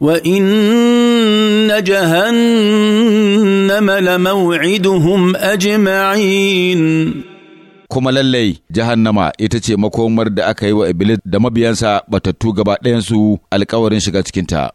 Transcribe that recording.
وان جهنم لموعدهم اجمعين kuma lallai jahannama ita ce makomar da aka yi wa iblis da mabiyansa batattu gaba su alkawarin shiga cikinta